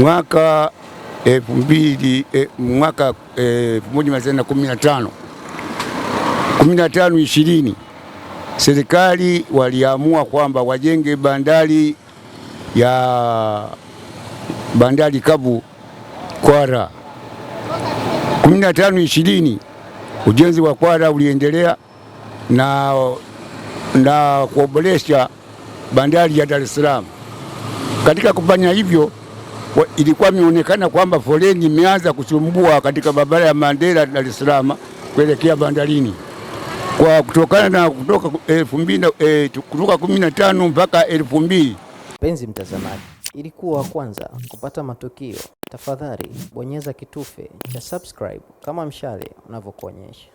mwaka elfu mbili eh, mwaka eh, elfu moja mia tisa kumi na tano kumi na tano ishirini serikali waliamua kwamba wajenge bandari ya bandari Kabu Kwara. kumi na tano ishirini ujenzi wa Kwara uliendelea na, na kuoboresha bandari ya Dar es Salaam. Katika kufanya hivyo ilikuwa imeonekana kwamba foleni imeanza kusumbua katika barabara ya Mandela Dar es Salaam kuelekea bandarini kwa kutokana na kutoka elfu mbili eh, kutoka kumi na tano mpaka elfu mbili. Mpenzi mtazamaji, ili kuwa wa kwanza kupata matukio, tafadhali bonyeza kitufe cha subscribe kama mshale unavyokuonyesha.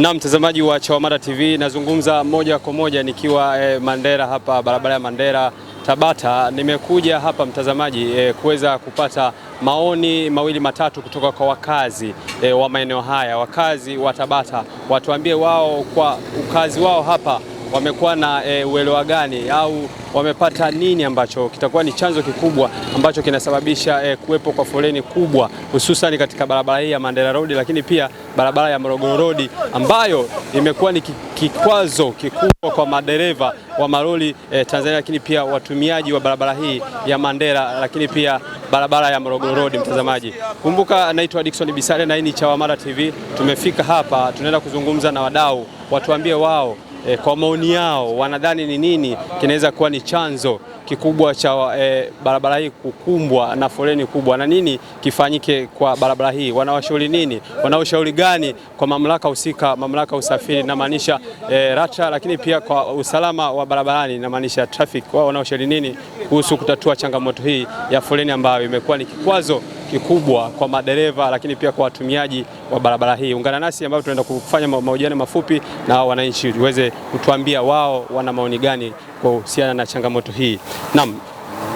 Na mtazamaji wa Chawamata TV, nazungumza moja kwa moja nikiwa eh, Mandera hapa barabara ya Mandera Tabata. Nimekuja hapa mtazamaji, e, kuweza kupata maoni mawili matatu kutoka kwa wakazi e, wa maeneo haya. Wakazi wa Tabata watuambie wao kwa ukazi wao hapa wamekuwa na e, uelewa gani au wamepata nini ambacho kitakuwa ni chanzo kikubwa ambacho kinasababisha e, kuwepo kwa foleni kubwa hususan katika barabara hii ya Mandela Road, lakini pia barabara ya Morogoro Road ambayo imekuwa ni kikwazo kikubwa kwa madereva wa malori e, Tanzania, lakini pia watumiaji wa barabara hii ya Mandela, lakini pia barabara ya Morogoro Road. Mtazamaji, kumbuka, naitwa Dickson Bisale na hii ni Chawamata TV. Tumefika hapa, tunaenda kuzungumza na wadau, watuambie wao e, kwa maoni yao wanadhani ni nini kinaweza kuwa ni chanzo kikubwa cha e, barabara hii kukumbwa na foleni kubwa, na nini kifanyike kwa barabara hii? Wanawashauri nini? Wanaushauri gani kwa mamlaka husika, mamlaka usafiri namaanisha e, eh, RATRA, lakini pia kwa usalama wa barabarani namaanisha traffic. Wao wanaushauri nini kuhusu kutatua changamoto hii ya foleni ambayo imekuwa ni kikwazo kikubwa kwa madereva, lakini pia kwa watumiaji wa barabara hii. Ungana nasi ambapo tunaenda kufanya mahojiano mafupi na wananchi uweze kutuambia wao wana maoni gani kuhusiana na changamoto hii. Naam,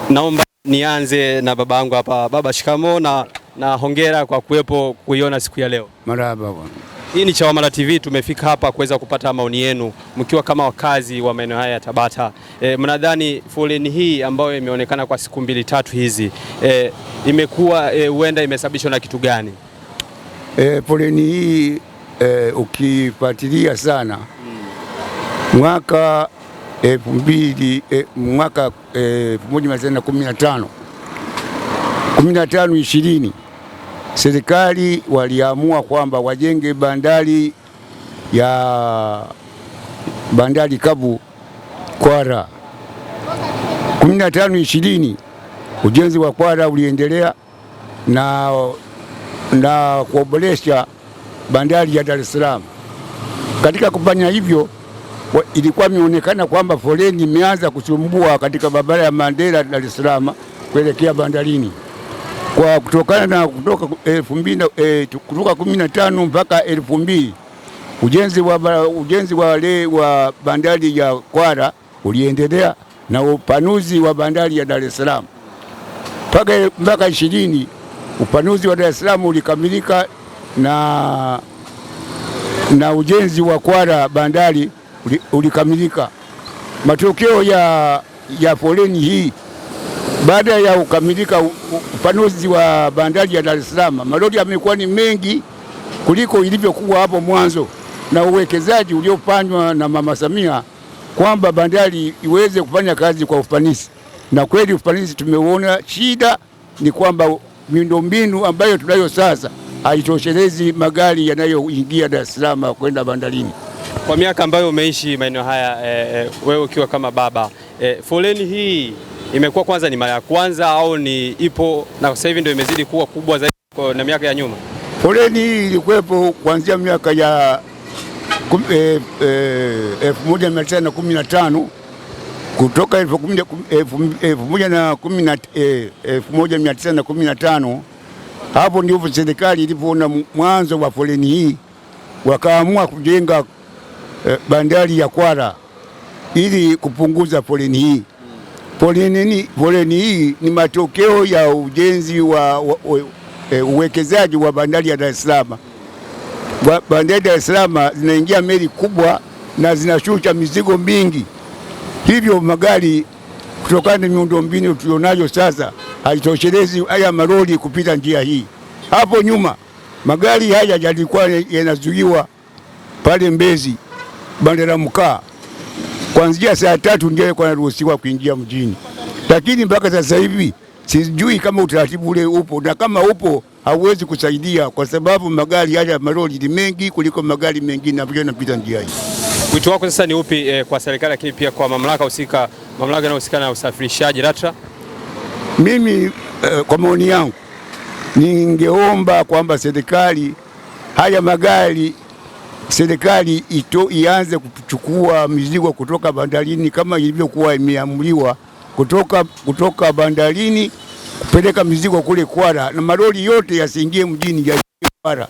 naomba nianze na baba yangu hapa. Baba, shikamo na, na hongera kwa kuwepo kuiona siku ya leo. Marhaba bwana. Hii ni Chawamata TV, tumefika hapa kuweza kupata maoni yenu mkiwa kama wakazi wa maeneo haya ya Tabata. E, mnadhani foleni hii ambayo imeonekana kwa siku mbili tatu hizi e, imekuwa eh, huenda e, imesababishwa na kitu gani? E, poleni hii e, ukifuatilia sana hmm. mwaka elfu mbili e, mwaka elfu moja mia tisa kumi na tano kumi na tano ishirini serikali waliamua kwamba wajenge bandari ya bandari kavu Kwara kumi na tano ishirini Ujenzi wa kwara uliendelea na, na kuboresha bandari ya Dar es Salaam. Katika kufanya hivyo, ilikuwa imeonekana kwamba foleni imeanza kusumbua katika barabara ya Mandela Dar es Salaam kuelekea bandarini kwa kutokana na kutoka elfu mbili eh, kutoka kumi na tano mpaka elfu mbili ujenzi wa, ujenzi wa, le, wa bandari ya Kwara uliendelea na upanuzi wa bandari ya Dar es Salaam mpaka ishirini upanuzi wa Dar es Salaam ulikamilika na, na ujenzi wa Kwala bandari ulikamilika. Matokeo ya, ya foleni hii baada ya kukamilika upanuzi wa bandari ya Dar es Salaam, malori yamekuwa ni mengi kuliko ilivyokuwa hapo mwanzo, na uwekezaji uliofanywa na Mama Samia kwamba bandari iweze kufanya kazi kwa ufanisi na kweli ufanisi tumeuona. Shida ni kwamba miundombinu ambayo tunayo sasa haitoshelezi magari yanayoingia Dar es Salaam kwenda bandarini. Kwa miaka ambayo umeishi maeneo haya e, e, wewe ukiwa kama baba e, foleni hii imekuwa kwanza ni mara ya kwanza au ni ipo na sasa hivi ndio imezidi kuwa kubwa zaidi na miaka ya nyuma? Foleni hii ilikuwepo kuanzia miaka ya 1915 kutoka elfu moja na kumi na eh, elfu moja mia tisa na kumi na tano hapo ndipo serikali ilipoona mwanzo wa foleni hii, wakaamua kujenga e, bandari ya Kwala ili kupunguza foleni hii. Foleni, foleni hii ni matokeo ya ujenzi wa, wa, wa e, uwekezaji wa bandari ya Dar es Salaam. Bandari ya Dar es Salaam zinaingia meli kubwa na zinashusha mizigo mingi. Hivyo magari kutokana na miundombinu tulionayo sasa haitoshelezi haya malori kupita njia hii. Hapo nyuma magari haya yalikuwa yanazuiwa pale Mbezi bandera la mkaa, kuanzia saa tatu ndio yalikuwa yanaruhusiwa kuingia mjini, lakini mpaka sasa hivi sijui kama utaratibu ule upo, na kama upo hauwezi kusaidia, kwa sababu magari haya malori ni mengi kuliko magari mengine ambayo yanapita njia hii. Wito wako sasa ni upi eh, kwa serikali lakini pia kwa mamlaka husika, mamlaka inayohusikana na usafirishaji LATRA? Mimi eh, kwa maoni yangu ningeomba kwamba serikali haya magari serikali ianze kuchukua mizigo kutoka bandarini kama ilivyokuwa imeamriwa kutoka, kutoka bandarini kupeleka mizigo kule Kwara, na malori yote yasiingie mjini ya Kwara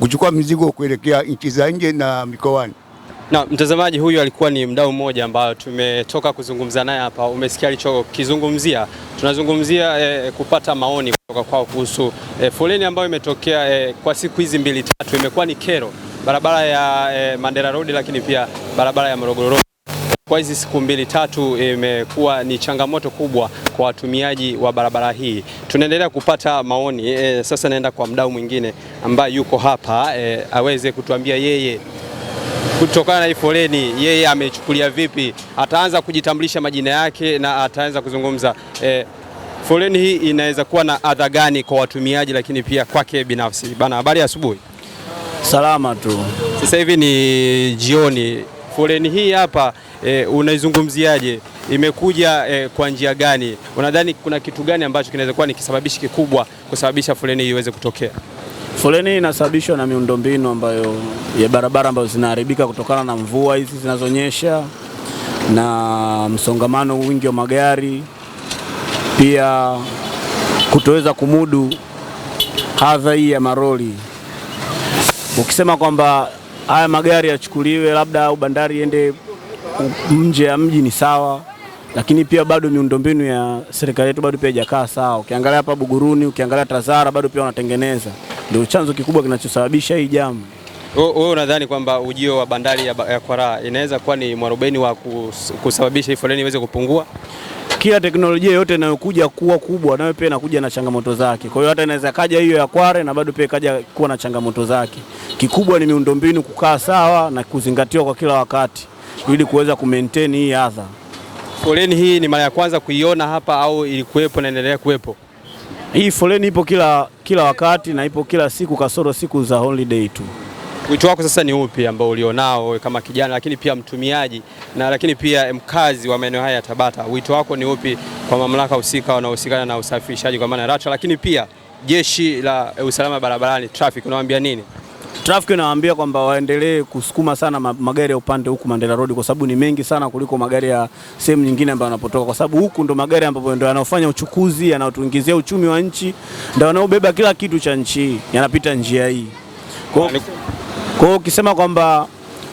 kuchukua mizigo kuelekea nchi za nje na mikoani. Na mtazamaji huyu alikuwa ni mdau mmoja ambao tumetoka kuzungumza naye hapa. Umesikia alichokizungumzia. Tunazungumzia eh, kupata maoni kutoka kwao kuhusu eh, foleni ambayo imetokea eh, kwa siku hizi mbili tatu, imekuwa ni kero barabara ya eh, Mandela Road, lakini pia barabara ya Morogoro Road. Kwa hizi siku mbili tatu eh, imekuwa ni changamoto kubwa kwa watumiaji wa barabara hii. Tunaendelea kupata maoni e, sasa naenda kwa mdau mwingine ambaye yuko hapa e, aweze kutuambia yeye kutokana na hii foleni, yeye amechukulia vipi, ataanza kujitambulisha majina yake na ataanza kuzungumza e, foleni hii inaweza kuwa na adha gani kwa watumiaji, lakini pia kwake binafsi. Bana, habari asubuhi. Salama tu. Sasa hivi ni jioni, foleni hii hapa e, unaizungumziaje? Imekuja e, kwa njia gani? Unadhani kuna kitu gani ambacho kinaweza kuwa ni kisababishi kikubwa kusababisha foleni hii iweze kutokea? Foleni inasababishwa na miundombinu ambayo ya barabara ambazo zinaharibika kutokana na mvua hizi zinazonyesha na msongamano wingi wa magari, pia kutoweza kumudu hadha hii ya maroli. Ukisema kwamba haya magari yachukuliwe labda au bandari iende nje ya mji ni sawa, lakini pia bado miundombinu ya serikali yetu bado pia haijakaa sawa. Ukiangalia hapa Buguruni, ukiangalia Tazara bado pia wanatengeneza ndio chanzo kikubwa kinachosababisha hii jamu. Wewe unadhani kwamba ujio wa bandari ya, ya Kwara inaweza kuwa ni mwarobeni wa kusababisha hii foleni iweze kupungua? Kila teknolojia yote inayokuja kuwa kubwa nayo pia inakuja na changamoto zake. Kwa hiyo hata inaweza kaja hiyo ya Kware na bado pia ikaja kuwa na changamoto zake. Kikubwa ni miundombinu kukaa sawa na kuzingatiwa kwa kila wakati ili kuweza kumaintain hii adha. Foleni hii ni mara ya kwanza kuiona hapa au ilikuwepo na inaendelea kuwepo? Hii foleni ipo kila, kila wakati na ipo kila siku kasoro siku za holiday tu. Wito wako sasa ni upi ambao ulionao kama kijana lakini pia mtumiaji na lakini pia mkazi wa maeneo haya ya Tabata? Wito wako ni upi kwa mamlaka husika wanaohusikana na usafirishaji kwa maana ya RATRA, lakini pia jeshi la usalama barabarani traffic, unawaambia nini? Trafiki inawaambia kwamba waendelee kusukuma sana magari ya upande huku Mandela Road kwa sababu ni mengi sana kuliko magari ya sehemu nyingine ambayo yanapotoka, kwa sababu huku ndo magari ambayo ndo yanaofanya uchukuzi, yanayotuingizia uchumi wa nchi, ndio wanaobeba kila kitu cha nchi hii, yanapita njia hii. Kwa hiyo ukisema kwamba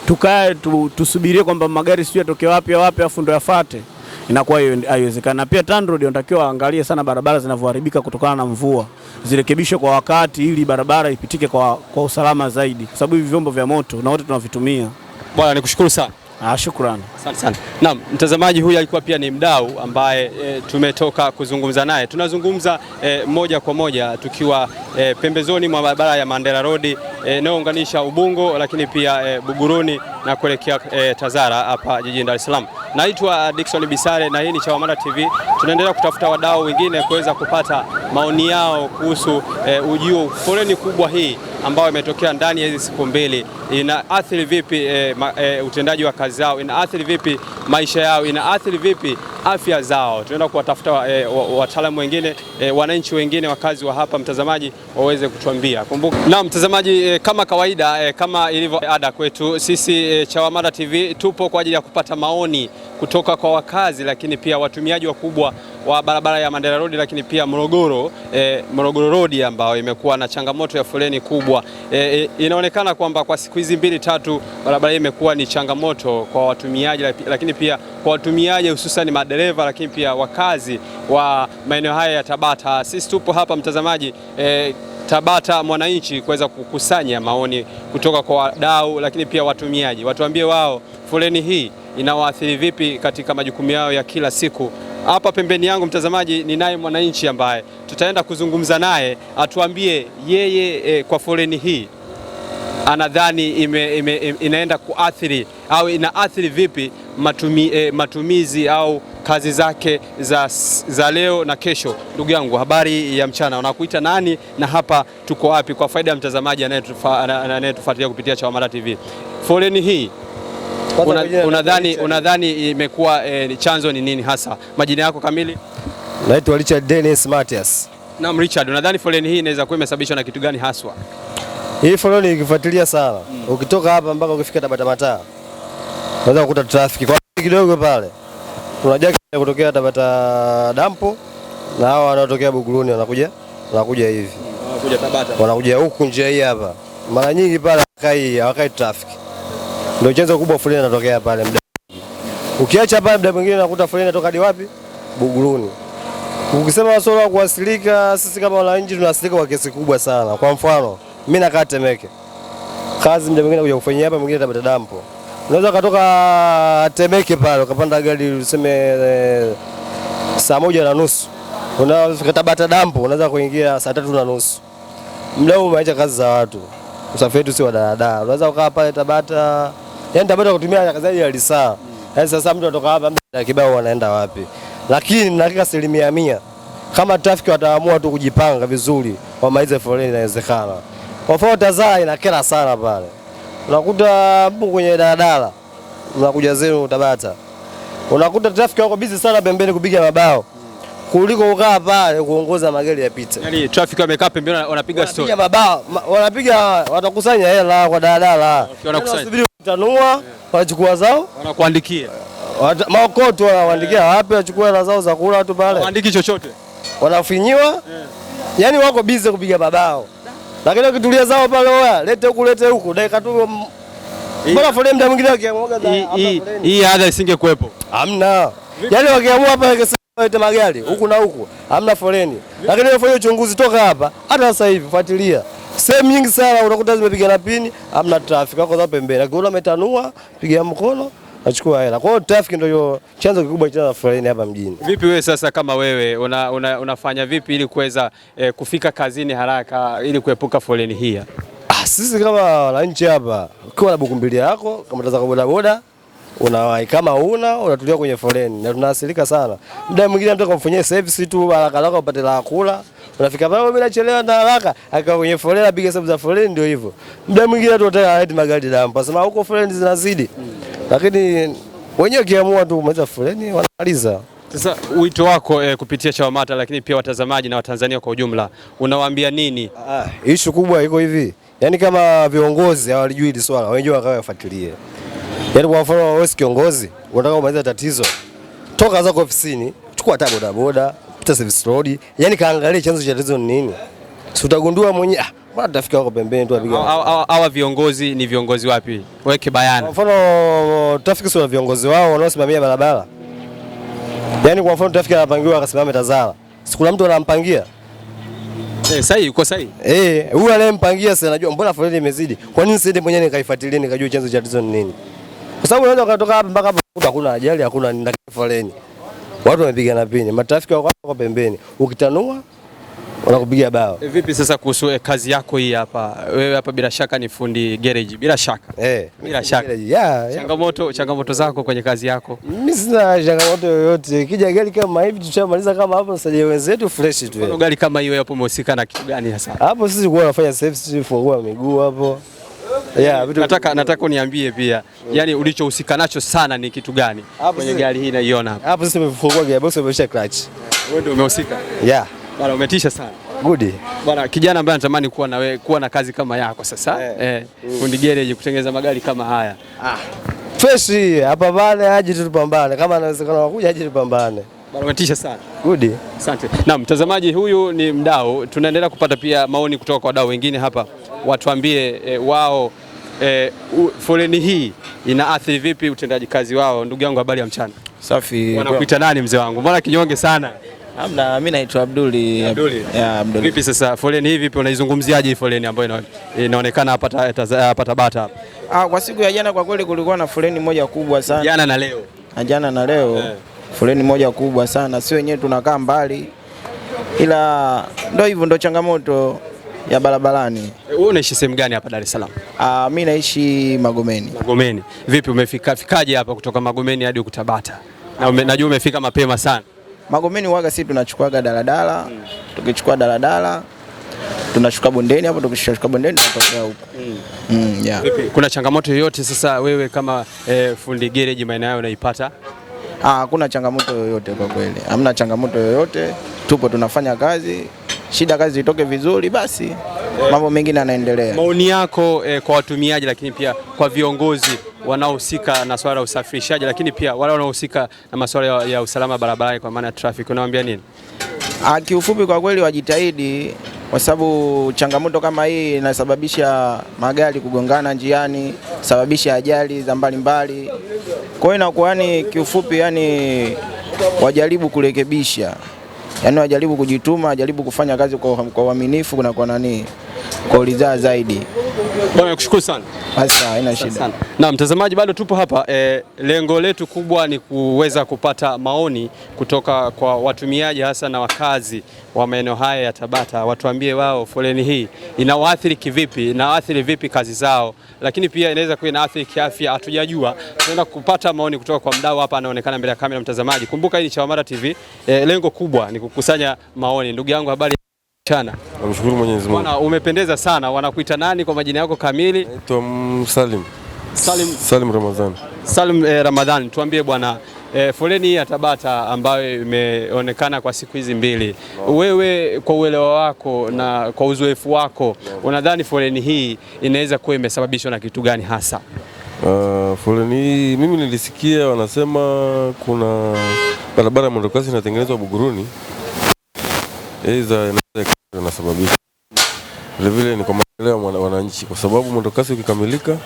tukae tusubirie kwamba magari sio yatoke wapi wapi afu ndo yafate inakuwa haiwezekani. Na pia TANROADS wanatakiwa waangalie sana barabara zinavyoharibika kutokana na mvua, zirekebishwe kwa wakati ili barabara ipitike kwa, kwa usalama zaidi, kwa sababu hivi vyombo vya moto na wote tunavitumia. Bwana nikushukuru sana. Ah, shukrani. Asante sana. Naam, mtazamaji huyu alikuwa pia ni mdau ambaye e, tumetoka kuzungumza naye. Tunazungumza e, moja kwa moja tukiwa e, pembezoni mwa barabara ya Mandela Road inayounganisha e, Ubungo lakini pia e, Buguruni na kuelekea e, Tazara hapa jijini Dar es Salaam. Naitwa Dickson Bisare na hii ni Chawamata TV. Tunaendelea kutafuta wadau wengine kuweza kupata maoni yao kuhusu e, ujio foleni kubwa hii ambayo imetokea ndani ya hizi siku mbili, ina athiri vipi e, ma, e, utendaji wa kazi zao, athiri vipi maisha yao, ina athiri vipi afya zao. Tunaenda kuwatafuta e, wataalamu wengine e, wananchi wengine, wakazi wa hapa, mtazamaji, waweze kutuambia. Kumbuka na mtazamaji e, kama kawaida e, kama ilivyo ada kwetu sisi e, CHAWAMATA TV tupo kwa ajili ya kupata maoni kutoka kwa wakazi, lakini pia watumiaji wakubwa wa barabara ya Mandela Road, lakini pia Morogoro e, Morogoro Road ambayo imekuwa na changamoto ya foleni kubwa e, e inaonekana kwamba kwa siku hizi mbili tatu barabara hii imekuwa ni changamoto kwa watumiaji, lakini pia kwa watumiaji hususan madereva, lakini pia wakazi wa maeneo haya ya Tabata. Sisi tupo hapa mtazamaji e, Tabata Mwananchi kuweza kukusanya maoni kutoka kwa wadau lakini pia watumiaji, watuambie wao foleni hii inawaathiri vipi katika majukumu yao ya kila siku. Hapa pembeni yangu mtazamaji, ninaye mwananchi ambaye tutaenda kuzungumza naye atuambie yeye e, kwa foleni hii anadhani ime, ime, inaenda kuathiri au inaathiri vipi matumi, e, matumizi au kazi zake za, za leo na kesho. Ndugu yangu, habari ya mchana, unakuita nani na hapa tuko wapi, kwa faida ya mtazamaji anayetufuatilia kupitia Chawamata TV? Foleni hii Unadhani unadhani imekuwa e, chanzo ni nini hasa? Majina yako kamili? Naitwa Richard Dennis Matias. Naam Richard, unadhani foleni hii inaweza kuwa imesababishwa na kitu gani haswa? Hii foleni ikifuatilia sana mm. Ukitoka hapa mpaka ukifika Tabata Mataa unaweza kukuta trafiki kwa kidogo pale, unajua kutokea Tabata dampo na hao wanaotokea Buguruni wanakuja wanakuja hivi wanakuja Tabata, wanakuja huku njia hii hapa, mara nyingi pale hawakai trafiki ndio chanzo kubwa foleni inatokea pale mda. Ukiacha pale mda mwingine unakuta foleni inatoka hadi wapi? Buguruni. Ukisema swala la kuasilika, sisi kama wananchi tunaasilika kwa kiasi kubwa sana. Kwa mfano, mimi nakaa Temeke. Kazi mda mwingine kuja kufanyia hapa, mwingine Tabata dampo. Unaweza katoka Temeke pale ukapanda gari useme eh, saa moja na nusu. Unafika Tabata dampo unaweza kuingia saa tatu na nusu. Muda huu umeacha kazi za watu. Usafiri tu si wa daladala. Unaweza ukaa pale Tabata yani tabata kutumia zaidi ya lisaa mm. Yani sasa mtu atoka hapa mda kibao anaenda wapi? Lakini na hakika asilimia mia kama trafiki wataamua tu kujipanga vizuri, wamalize foleni, inawezekana. Kwa mfano TAZARA inakera sana pale, unakuta mpo kwenye daladala unakuja zenu Tabata, unakuta trafiki wako busy sana pembeni kupiga mabao kuliko ukaa pale kuongoza magari yapite. Yaani trafiki wamekaa pembeni wanapiga story. Wanapiga mabao, wanapiga watakusanya hela kwa daladala. Wanakusanya. Yaani tanua wachukua zao wanakuandikia maokoto wanaandikia wapi, wachukua hela zao za kula tu pale, waandiki chochote, wanafinyiwa. Yani wako bize kupiga babao, lakini wakitulia zao pale, oya lete huku lete huku, dakika tu mm. mbona foleni, mda mwingine wakiamua hii ada isingekuwepo, hamna. Yani wakiamua hapa walete magari huku na huku, hamna foleni. Lakini hiyo uchunguzi toka hapa, hata sasa hivi fuatilia sehemu nyingi sana unakuta zimepigana pini, amna trafiki, wako za pembeni, akiona ametanua pigia mkono achukua hela. Kwa hiyo trafiki ndio chanzo kikubwa cha foleni hapa mjini. Vipi wewe sasa, kama wewe una, una, unafanya vipi ili kuweza eh, kufika kazini haraka ili kuepuka foleni hii? Ah, sisi kama wananchi hapa, ukiwa na bukumbilia yako kama taza bodaboda unawahi, kama una unatulia kwenye foleni, na tunaasilika sana. Muda mwingine mtu akamfanyia service tu haraka haraka upate la kula unafika pale bila chelewa na haraka, akawa kwenye foleni, piga sababu za foleni. Ndio hivyo, muda mwingine watu wataka hadi magari dampa, sema huko foleni zinazidi, lakini wenyewe kiamua tu kumaliza foleni wanamaliza. Sasa wito wako eh, kupitia CHAWAMATA lakini pia watazamaji na Watanzania kwa ujumla unawaambia nini? Ah, ishu kubwa iko hivi, yaani kama viongozi hawalijui hili swala wenyewe wakawafuatilie. Yaani kwa mfano wewe kiongozi unataka kumaliza tatizo, toka zako ofisini, chukua hata boda hata service road, yani kaangalie chanzo cha tatizo ni nini, si utagundua mwenyewe. Ah, bwana rafiki wako pembeni tu apiga. Hawa viongozi ni viongozi wapi? Weke bayana. Kwa mfano trafiki sio viongozi wao wanaosimamia barabara, yani kwa mfano trafiki anapangiwa akasimame Tazara, sikuna mtu anampangia Eh, sahi uko sahi. Eh, huyu anayempangia sasa najua mbona foleni imezidi. Kwa nini siende mwenyewe nikaifuatilie nikajua chanzo cha tatizo ni nini? Kwa sababu unaweza kutoka hapa mpaka hapo hakuna ajali, hakuna ndani foleni watu wamepigana pini matrafiki wako kwa pembeni, ukitanua wanakupiga bao. E, vipi sasa kuhusu eh, kazi yako hii hapa? Wewe hapa bila shaka ni fundi garage, bila shaka eh, bila shaka yeah, changamoto yeah. Changamoto zako kwenye kazi yako? Mimi sina changamoto yoyote, kija gari kama hivi tutamaliza kama hapo sasa, wenzetu fresh tu. Gari kama hiyo hapo umehusika na kitu gani hasa hapo? Sisi kwa nafanya service, fungua miguu hapo yeah, nataka, nataka uniambie pia mm. Yani, ulichohusika nacho sana ni kitu gani kwenye gari hii naiona hapa? Hapo sisi tumefungua gearbox, tumesha clutch. Wewe ndio umehusika? Yeah. Bwana umetisha sana. Good. Bwana kijana ambaye anatamani kuwa na we, kuwa na kazi kama yako sasa yeah. Eh, eh mm. fundi garage kutengeneza magari kama haya ah. Fresh hapa pale aje tupambane, kama anawezekana wakuja aje tupambane. Bwana umetisha sana. Good. Asante. Na mtazamaji huyu ni mdau, tunaendelea kupata pia maoni kutoka kwa wadau wengine hapa, watuambie eh, wao e, foleni hii inaathiri vipi utendaji kazi wao? Ndugu yangu, habari ya mchana. Safi. Wanakuita nani mzee wangu? Mbona kinyonge sana? Amna, mimi naitwa Abduli. Abduli. Ya, Abduli. Vipi sasa foleni hii vipi unaizungumziaje hii foleni ambayo inaonekana hapa hapa Tabata Ah, kwa siku ya jana kwa kweli kulikuwa na foleni moja kubwa sana. Jana na leo. Jana na leo. Yeah. Foleni moja kubwa sana. Si wenyewe tunakaa mbali. Ila ndio hivyo ndio changamoto ya barabarani. Eh, wewe unaishi sehemu gani hapa Dar es Salaam? Ah, mimi naishi Magomeni. Magomeni. Vipi umefika fikaje hapa kutoka Magomeni hadi Ukutabata? Na ume, najua umefika mapema sana. Magomeni waga sisi tunachukuaga daladala, hmm. Tukichukua daladala tunashuka bondeni hapo, tukishashuka bondeni tunatokea huko. mm. mm, yeah. Kuna changamoto yoyote sasa wewe kama eh, fundi gereji maeneo yao unaipata? Ah, hakuna changamoto yoyote kwa kweli, hamna changamoto yoyote, tupo tunafanya kazi shida kazi itoke vizuri, basi mambo mengine yanaendelea. Maoni yako eh, kwa watumiaji, lakini pia kwa viongozi wanaohusika na swala la usafirishaji, lakini pia wale wanaohusika na masuala ya usalama barabarani, kwa maana ya traffic, unawaambia nini? Ah, kiufupi, kwa kweli wajitahidi, kwa sababu changamoto kama hii inasababisha magari kugongana njiani, sababisha ajali za mbalimbali. Kwa hiyo inakuwa ni kiufupi, yani wajaribu kurekebisha yani wajaribu kujituma, wajaribu kufanya kazi kwa uaminifu, na kwa nani, kwa ulizaa zaidi. Bwana nakushukuru sana. Basi haina shida. Na mtazamaji, bado tupo hapa e, lengo letu kubwa ni kuweza kupata maoni kutoka kwa watumiaji hasa na wakazi wa maeneo haya ya Tabata, watuambie wao foleni hii inawaathiri kivipi, inawaathiri vipi kazi zao, lakini pia inaweza kuwa inaathiri kiafya, hatujajua. Tunaenda kupata maoni kutoka kwa mdau hapa, anaonekana mbele ya kamera. Mtazamaji, kumbuka hii ni Chawamata TV e, eh, lengo kubwa ni kukusanya maoni. Ndugu yangu habari Namshukuru Mwenyezi Mungu. Bwana umependeza sana. Wanakuita nani kwa majina yako kamili? Naitwa Salim. Salim. Salim Ramadhani. Salim eh, Ramadhan, tuambie bwana eh, foleni hii ya Tabata ambayo imeonekana kwa siku hizi mbili no. Wewe kwa uelewa wako no. na kwa uzoefu wako no. unadhani foleni hii inaweza kuwa imesababishwa na kitu gani hasa? Uh, foleni hii mimi nilisikia wanasema kuna barabara ya mwendokasi inatengenezwa Buguruni. Eza, Unasababisha vile vile ni kwa maendeleo ya wananchi, kwa sababu mwendokasi ukikamilika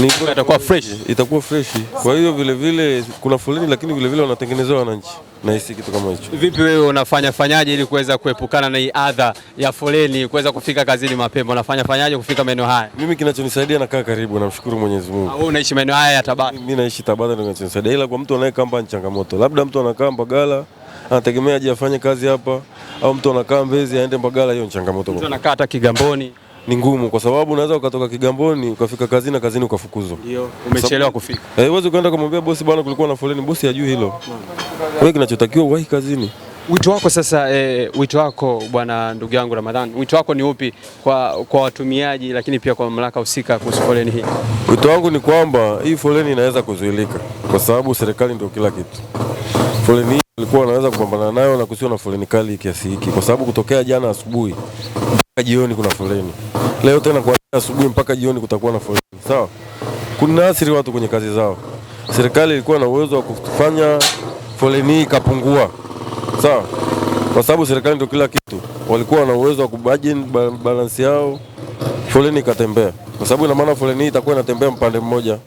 ni itakuwa fresh, itakuwa fresh. Kwa hiyo vile vile kuna foleni, lakini vile vile wanatengenezewa wananchi, na hisi kitu kama hicho. Vipi wewe unafanya fanyaje ili kuweza kuepukana na hii adha ya foleni, kuweza kufika kazini mapema? Unafanya fanyaje kufika maeneo haya? Mimi kinachonisaidia nakaa karibu, namshukuru Mwenyezi Mungu. Au unaishi maeneo haya ya Tabata? Mimi naishi Tabata, ndio kinachonisaidia, ila kwa mtu anayekaa Mbagala ni changamoto, labda mtu anakaa Mbagala anategemea aje afanye kazi hapa au mtu anakaa Mbezi aende Mbagala, hiyo ni changamoto. Mtu anakaa hata Kigamboni ni ngumu kwa sababu unaweza ukatoka Kigamboni ukafika kazini na kazini ukafukuzwa. Ndio. Umechelewa kufika. Eh, uweze kumwambia bosi bwana, kulikuwa na foleni, bosi ajui hilo. Wewe kinachotakiwa uwahi kazini. Wito wako sasa eh, wito wako bwana, ndugu yangu Ramadhani, wito wako ni upi kwa, kwa watumiaji lakini pia kwa mamlaka husika kuhusu foleni hii? Wito wangu ni kwamba hii foleni inaweza kuzuilika kwa sababu serikali ndio kila kitu. Foleni alikuwa anaweza kupambana nayo na kusio na foleni kali kiasi hiki, kwa sababu kutokea jana asubuhi mpaka jioni kuna foleni, leo tena kwa asubuhi mpaka jioni kutakuwa na foleni. Sawa, kuna athiri watu kwenye kazi zao. Serikali ilikuwa na uwezo wa kufanya foleni hii ikapungua, sawa, kwa sababu serikali ndio kila kitu. Walikuwa na uwezo wa kubajin balansi yao, foleni ikatembea, kwa sababu ina maana foleni hii itakuwa inatembea mpande mmoja.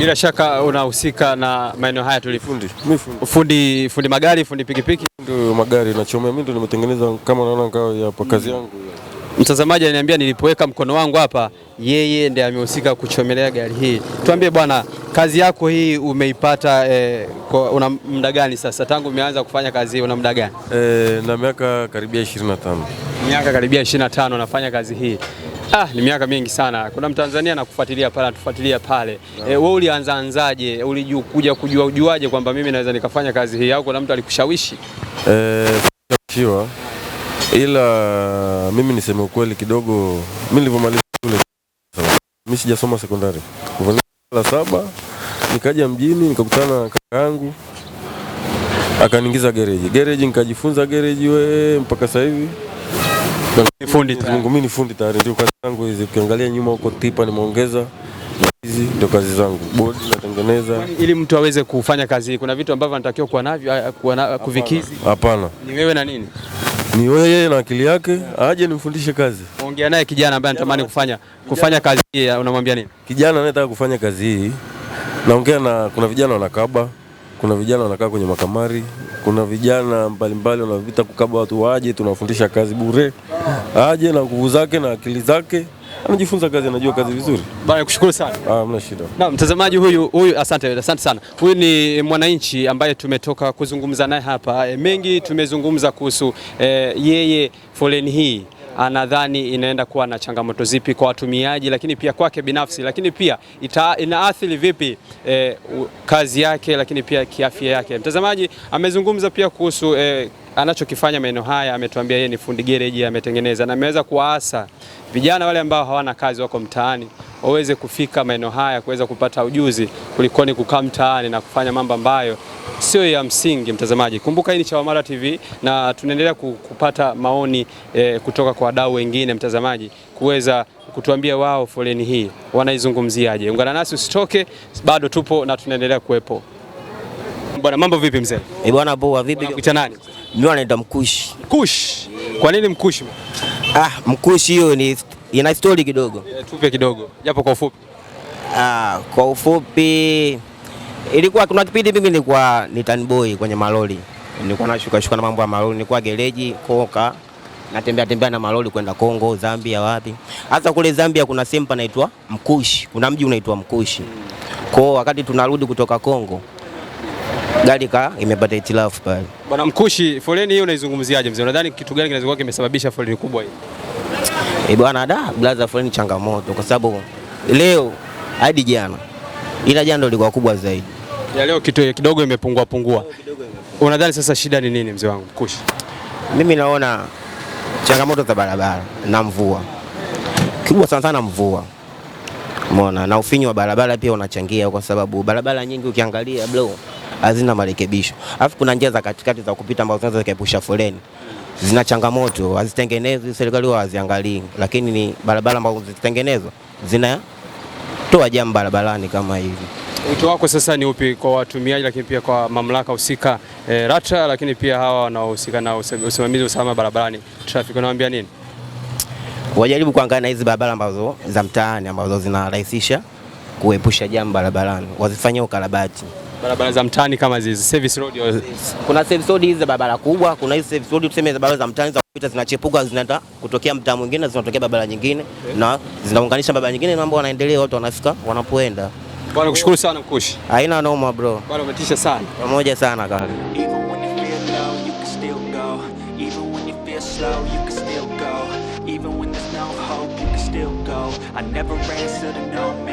Bila shaka unahusika na maeneo haya tulifundi. Mimi fundi. Fundi fundi magari, fundi pikipiki. Ndio magari nachomea mimi ndio nimetengeneza kama unaona kao hapa kazi mm. yangu. Mtazamaji ananiambia nilipoweka mkono wangu hapa, yeye ndiye amehusika kuchomelea gari hii. Tuambie bwana, kazi yako hii umeipata eh, kwa, una muda gani sasa tangu umeanza kufanya kazi hii una muda gani? Eh, na miaka karibia 25. Miaka karibia 25 nafanya kazi hii. Ah, ni miaka mingi sana. Kuna Mtanzania anakufuatilia pale, anatufuatilia pale. Eh, wewe no. E, ulianza anzaje? Ulikuja kujua ujuaje kwamba mimi naweza nikafanya kazi hii au kuna mtu alikushawishi? Eh, Ila mimi niseme ukweli kidogo, mimi nilipomaliza shule mimi sijasoma sekondari. La saba nikaja mjini nikakutana na kaka yangu akaniingiza gereji. Gereji nikajifunza gereji we mpaka sasa hivi fundi Mungu mimi ni fundi tayari, ndio kazi zangu hizi. Ukiangalia nyuma huko tipa nimeongeza hizi ndio kazi zangu, bodi natengeneza. Ili mtu aweze kufanya kazi kuna vitu ambavyo anatakiwa kuwa navyo, kuvikizi? Hapana, ni wewe na nini, ni wewe na akili yake Aje nimfundishe kazi. Ongea naye kijana ambaye anatamani kufanya kufanya kazi hii, unamwambia nini kijana anayetaka kufanya kazi hii? Naongea na, kuna vijana wanakaba, kuna vijana wanakaa kwenye makamari, kuna vijana mbalimbali wanavita kukaba watu waje, tunawafundisha kazi bure, aje na nguvu zake na akili zake anajifunza kazi, anajua kazi vizuri. Bana, kushukuru sana. Ah, mna shida. Na mtazamaji huyu, huyu asante, asante sana. Huyu ni mwananchi ambaye tumetoka kuzungumza naye hapa. E, mengi tumezungumza kuhusu e, yeye foleni hii anadhani inaenda kuwa na changamoto zipi kwa watumiaji, lakini pia kwake binafsi, lakini pia ita, inaathiri vipi e, kazi yake, lakini pia kiafya yake. Mtazamaji amezungumza pia kuhusu e, anachokifanya maeneo haya, ametuambia yeye ni fundi gereji, ametengeneza na ameweza kuwaasa vijana wale ambao hawana kazi, wako mtaani waweze kufika maeneo haya kuweza kupata ujuzi kulikoni kukaa mtaani na kufanya mambo ambayo sio ya msingi. Mtazamaji, kumbuka hii ni Chawamata TV na tunaendelea kupata maoni e, kutoka kwa wadau wengine, mtazamaji, kuweza kutuambia wao foleni hii wanaizungumziaje. Ungana nasi usitoke, bado tupo na tunaendelea kuwepo. Bwana, mambo vipi mzee? Eh bwana, poa. Vipi? Unakuita nani? mimi anaitwa Mkushi. Mkushi. Kwa nini Mkushi? Ah, Mkushi hiyo ni ina story kidogo. Eh, tupe kidogo. Japo kwa ufupi. Ah, kwa ufupi ilikuwa kuna kipindi mimi nilikuwa ni tan boy kwenye malori. Nilikuwa nashuka shuka na mambo ya malori, nilikuwa gereji koka natembea tembea na malori kwenda Kongo, Zambia, wapi. Hasa kule Zambia kuna sehemu panaitwa Mkushi. Kuna mji unaitwa Mkushi. Kwa wakati tunarudi kutoka Kongo gari ka imepata itilafu pale. Bwana Mkushi, foleni hiyo unaizungumziaje mzee? Unadhani kitu gani kinaweza kuwa kimesababisha foleni kubwa hii? E bwana da, blaza foleni changamoto kwa sababu leo hadi jana ila jana ndio ilikuwa kubwa zaidi. Ya leo kitu kidogo imepungua pungua. Unadhani sasa shida ni nini mzee wangu Mkushi? Mimi naona changamoto za barabara na mvua. kubwa sana sana mvua. Umeona na ufinyu wa barabara pia unachangia kwa sababu barabara nyingi ukiangalia bro hazina marekebisho. Alafu kuna njia za katikati za kupita ambazo zinaweza zikaepusha foleni, zina changamoto, hazitengenezwi, serikali huwa haziangalii, lakini ni barabara ambazo zitengenezwa zinatoa jamu barabarani kama hivi. Wito wako sasa ni upi kwa watumiaji, lakini pia kwa mamlaka husika e, eh, LATRA, lakini pia hawa wanaohusika na usimamizi wa usalama barabarani trafiki, unawaambia nini? Wajaribu kuangalia na hizi barabara ambazo za mtaani ambazo zinarahisisha kuepusha jamu barabarani, wazifanyie ukarabati barabara za mtaani kama hizi service road kuna service road hizi za barabara kubwa, kuna hizi service road tuseme za barabara za mtaani za kupita zinachepuka, zinaenda kutokea mtaa mwingine, zinatokea barabara nyingine okay. na zinaunganisha barabara nyingine, mambo wanaendelea, watu wanafika wanapoenda. Bwana, kushukuru sana Mkushi. Haina noma bro. Bwana, umetisha sana. Pamoja sana kaka. I never answer to no man.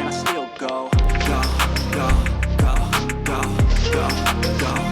go, go.